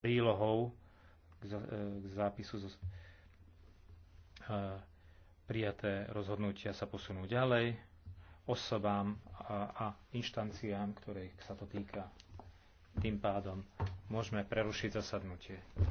prílohou e, k zápisu zo prijaté rozhodnutia sa posunú ďalej osobám a, a inštanciám, ktorých sa to týka. Tým pádom môžeme prerušiť zasadnutie.